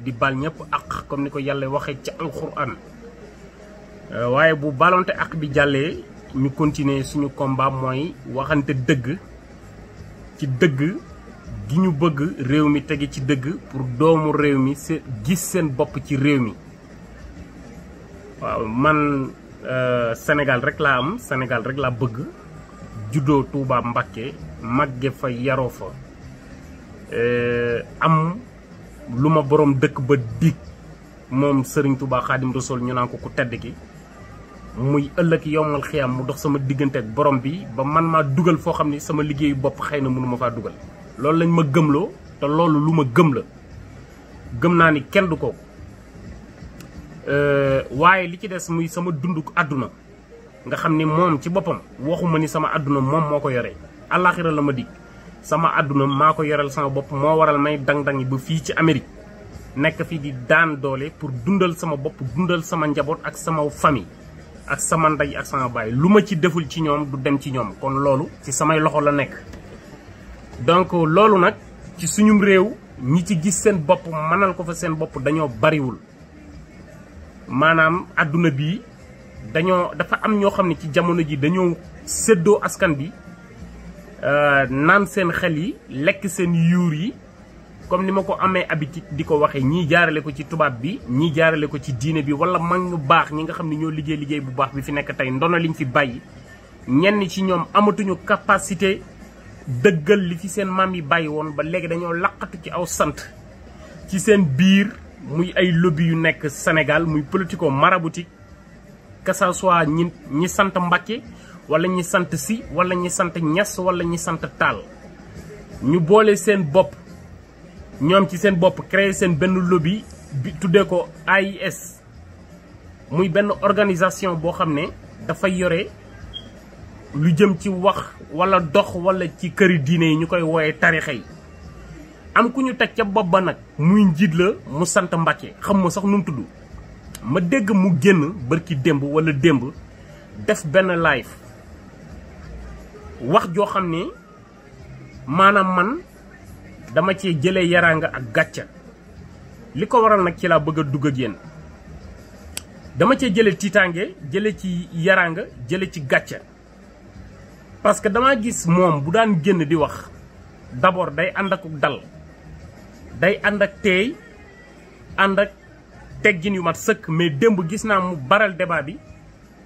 di bal ñep ak comme niko yalla waxe ci alquran euh, waye bu balonté ak bi jàllee ñu continuer suñu combat moy waxante deug ci deug gi ñu bëgg réew mi tege ci deug pour doomu réew mi gis seen bop ci réew mi man euh, Sénégal rek la am Sénégal rek la bëgg judo Touba Mbacké màgge fa yaro fa euh, am lu ma borom dëkk ba dig moom Serigne Touba Xaadim Rasul ñu naan ko ku tedd ki muy ëllëg yomal xiyam mu dox sama diggante ak borom bi ba man maa dugal foo xam ni sama liggéeyu bopp xëy na mënu ma faa dugal. loolu lañ ma gëmloo te loolu lu ma gëm la gëm naa ni kenn du ko waaye li ci des muy sama dund dundu àdduna nga xam ni moom ci boppam waxuma ni sama àdduna moom moo ko yore àllaaxira la ma dig. sama aduna mako yoral sama bop mo waral may dang dang bu fi ci amerique nek fi di dan dole pour dundal sama bop dundal sama njabot ak sama fami ak sama nday ak sama bay luma ci deful ci ñom du dem ci ñom kon lolu ci samay loxo la nek donc lolu nak ci suñum rew ñi ci gis sen bop manal ko fa sen bop dañoo bari wul manam aduna bi dañoo dafa am ño xamni ci jamono ji dañoo seddo askan bi Euh, naan seen xel yi lekk seen yuur yi comme ni ma ko amee habitude di ko waxee ñii jaarale ko ci tubaab bi ñii jaarale ko ci diine bi wala mag ñu baax ñi nga xam ne ñoo liggéey liggéey bu baax bi fi nekk tey ndono ñu fi bàyyi ñenn ci ñoom amatuñu capacité dëggal li ci seen maam yi bàyyi woon ba léegi dañoo laqatu ci aw sant ci seen biir muy ay lobby yu nekk senegal muy politico maraboutique que ça soit ñi ñi sant Mbàkke wala ñi sant si wala ñi sant ñas wala ñi sant taal ñu boole seen bopp ñoom ci seen bopp créer seen benn lobby bi tuddee ko AIS muy benn organisation boo xam ne dafay yore lu jëm ci wax wala dox wala ci këri diine yi ñu koy wooyee tarixa yi am ku ñu teg ca bopp ba nag muy njiit la mu sant Mbàkke xam ma sax nu mu tudd ma dégg mu génn bërki démb wala démb def benn live wax joo xam ne maanaam man dama cee jële yaraanga ak gàcca li ko waral nag ci laa bëgg a dugg ak yéen dama cee jële tiitaange jële ci yaraanga jële ci gàcca parce que damaa gis moom bu daan génn di wax d'abord day ànd ak dal day ànd ak teey ànd ak teggin yu mat sëkk mais démb gis naa mu baral débat bi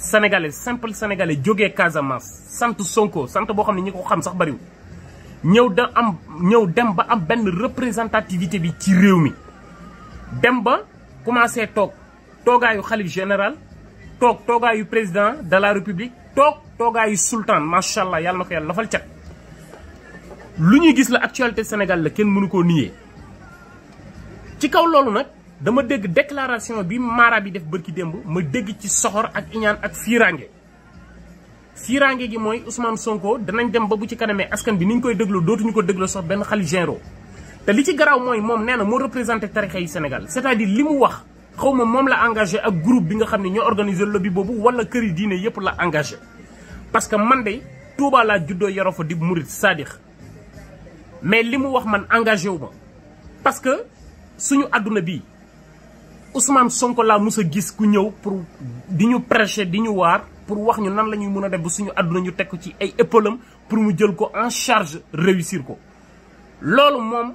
sénégalais simple sénégalais Diogé Casamance sant Sonko sant bo xamni ñi ko xam sax ñew da am ñew dem ba am ben représentativité bi ci réew mi dem ba commencé toog toogaayu Khalif général toog toogaayu président de la république toog le sultan machallah yalla yàlla na ko yàlla lafal cat lu ñuy gis la actualité Sénégal la kenn mënu ko niyee ci kaw lolu nak dama dégg déclaration bi mara bi def bërki démb ma dégg ci soxor ak iñaan ak fiiraange fiiraange gi mooy Ousmane Sonko danañ dem ba bu ci kanamee askan bi ni ñu koy dégloo dootuñu ko dégloo sax benn xali généraux te li ci garaaw mooy moom nee na moo représenté tarixa yi Sénégal cest à li mu wax xaw ma moom la engagé ak groupe bi nga xam ne ñoo organisé lobby boobu wala yi diine yëpp la engagé parce que man de Touba laa juddoo yaroo fa di murit saadix mais li mu wax man engagé wu ma parce que suñu àdduna bii Ousmane Sonko laa mus a gis ku ñew pour diñu prêcher diñu war pour wax ñu nan lañuy mëna def bu suñu aduna ñu teg ci ay pour mu jël ko en charge réussir ko. loolu mom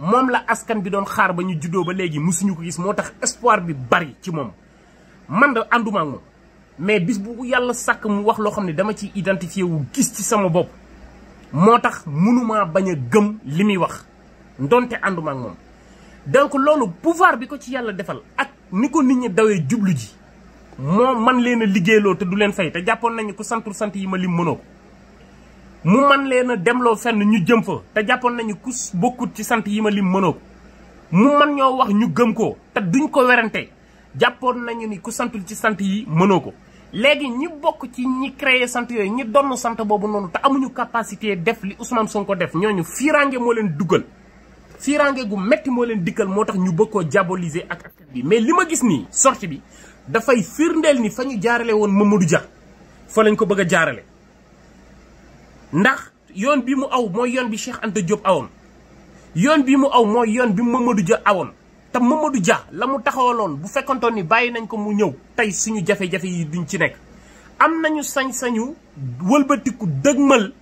mom la askan bi doon xaar ba ñu juddoo ba léegi musuñu ko gis motax espoir bi bari ci mom man da anduma ak mais bis bu yalla sak mu wax lo xamni dama ci identifié wu gis ci sama bop motax tax baña gëm limi wax ndonte anduma ak donc loolu pouvoir bi ko ci yàlla defal ak ni ko nit ñi dawee jublu ji moo man leen a liggéeyloo te du leen fay te jàppoon nañu ku santul sant yi ma lim mënoo ko mu man leen demloo fenn ñu jëm te jàppoon nañu ku bokkut ci sant yi ma lim mënoo ko mu ñoo wax ñu gëm ko te duñ ko werante jàppoon nañu ni ku santul ci sant yi mënoo ko léegi ñi bokk ci ñi créer sant yooyu ñi donn sant boobu noonu te amuñu capacité def li Ousmane ko def ñoo ñu fiiraange moo leen dugal fiiraange gu metti moo leen dikkal moo tax ñu bëgg koo diaboliser ak askan bi mais li ma gis nii sorti bi dafay firndeel ni fa ñu jaarale woon du Dia fa lañ ko bëgg a jaarale ndax yoon bi mu aw mooy yoon bi Cheikh Anta Diop awoon yoon bi mu aw mooy yoon bi Mamadou Dia awoon te Mamadou Dia la mu taxawaloon bu fekkontoon ni bàyyi nañ ko mu ñëw tey suñu jafe-jafe yi duñ ci nekk am nañu sañ-sañu wëlbatiku dëgmal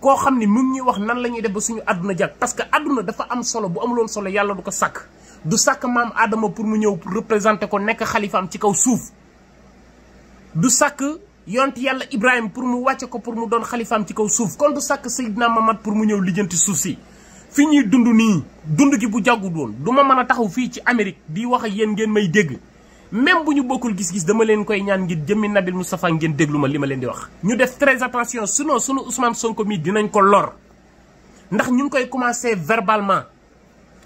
koo xam ni mu ngi ñuy wax nan la ñuy def ba suñu àdduna jag parce que àdduna dafa am solo bu amuloon solo yàlla du ko sàkk du sàkk maam aadama pour mu ñëw pour représenter ko nekk xalifaam ci kaw suuf du sàkk yonent yàlla Ibrahima pour mu wàcce ko pour mu doon xalifaam ci kaw suuf kon du sàkk Seydina Mamad pour mu ñëw lijjanti suuf si fi ñuy dund nii dund gi bu jaggu doon du ma mën a taxaw fii ci Amérique di wax ak yéen ngeen may dégg même bu ñu bokkul gis-gis dama leen koy ñaan ngir jëmmi Nabil Moustapha ngeen déglu ma li ma leen di wax. ñu def très attention sinon sunu Ousmane Sonko mii dinañ ko lor ndax ñu ngi koy commencé verbalement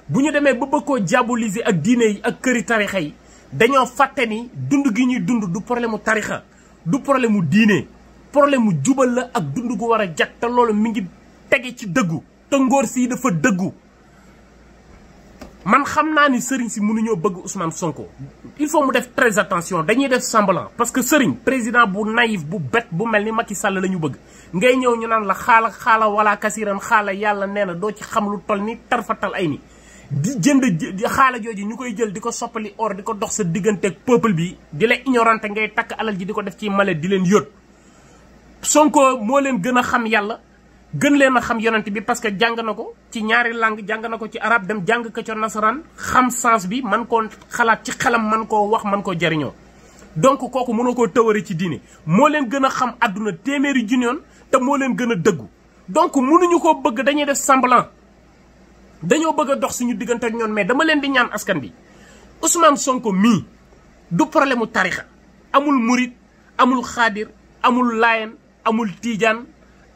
bu ñu demee ba bëgg koo ak diine yi ak këri tarixa yi dañoo fàtte ni dund gi ñuy dund du problème mu tarixa du problème mu diine problème mu jubal la ak dund gu war a jag te loolu mi ngi tege ci dëggu te ngóor sii dafa dëggu. man xamna ni serigne si mënuñoo bëgg Ousmane Sonko il faut mu def très attention dañuy def semblant parce que serigne président bu naïf bu bête bu melni ni Macky Sall la bëgg ngay ñëw ñu naan la xala xala wala kasiran xala yalla nee do ci xam lu toll ni tarfatal ay ni di jënd xaala jooju ñu jël di ko soppali or di ko dox sa diggante ak peuple bi di la ignorante ngay takk alal ji di ko def ci mala di len yott Sonko mo leen gëna xam yalla gën leena xam yonent bi parce que jang nako ci ñaari langue jang nako ci arab dem jang ko ci nasaraan xam sens bi man ko xalat ci xalam man ko wax man ko jariñoo donc koku mëno ko teweri ci diine mo leen gëna xam aduna téméri junion te mo leen gëna degg donc mënu ñu ko bëgg dañuy def semblant dañu bëgg dox suñu ñoon mais dama leen di ñaan askan bi Ousmane Sonko mi du problème mu amul murid, amul khadir, amul layen amul tijan.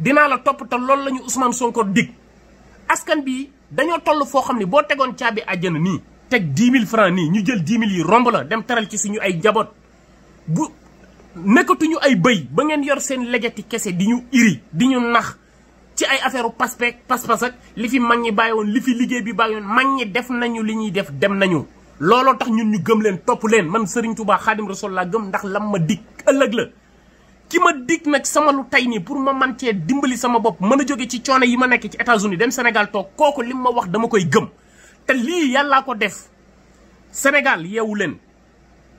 dina la top te lol lañu Ousmane Sonko dig askan bi dañoo tollu fo xamni bo tegon tiabi aljana ni tek 10.000 francs ni ñu jël 10000 yi romb dem teral ci suñu ay jabot bu nekkatuñu ay bëy ba ngeen yor seen legati kesse diñu iri diñu nax ci ay affaireu paspek pas-pas ak li fi mag ñi li fi bi bàyyi magni def nañu li def dem nañu lolo tax ñun ñu gëm leen top leen man Serigne Touba Khadim Rasoul gëm ndax lam ma dik ëlëg la ki ma dig nag sama lu tey nii pour ma man cee dimbali sama bopp mën a jóge ci coono yi ma nekk ci États-Unis dem Sénégal toog kooku li ma wax dama koy gëm te lii yàllaa ko def Sénégal yeewu leen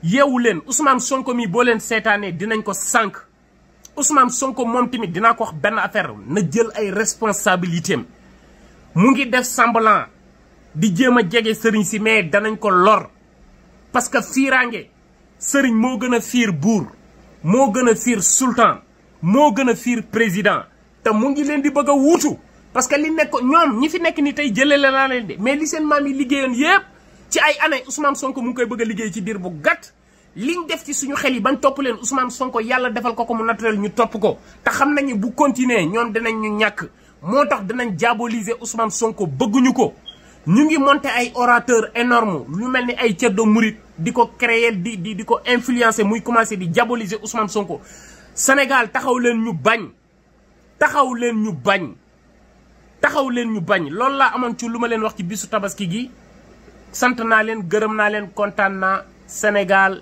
yeewu leen Ousmane Sonko mii boo leen seetaanee dinañ ko sànq Ousmane Sonko moom tamit dinaa ko wax benn affaire na jël ay responsabilités am mu ngi def semblant di jéem a jege sëriñ si mais danañ ko lor parce que fiiraange sëriñ moo gën a fiir buur. moo gën a fiir sultan moo gën a fiir président te mu ngi leen di bëgg a wuutu parce que li nekk ñoom ñi fi nekk ni tey jëlee la laa leen de mais li seen maam yi liggéeyoon yëpp ci ay année Ousmane Sonko mu ngi koy bëgg liggéey ci diir bu gàtt li liñ def ci suñu xel yi ban topp leen Ousmane Sonko yàlla defal ko ko mu naturel ñu topp ko te xam nañu bu continuer ñoom danañ ñu ñàkk moo tax danañ diaboliser Ousmane Sonko bëgguñu ko ñu ngi monter ay orateur énorme lu mel ni ay Thierno Mouride Il a créer di di influencé, il influencer muy à diaboliser Ousmane Sonko Sénégal taxaw leen ñu bagn taxaw leen ñu bagn taxaw leen ñu bagn lool la Il ci wax ci tabaski gi Sénégal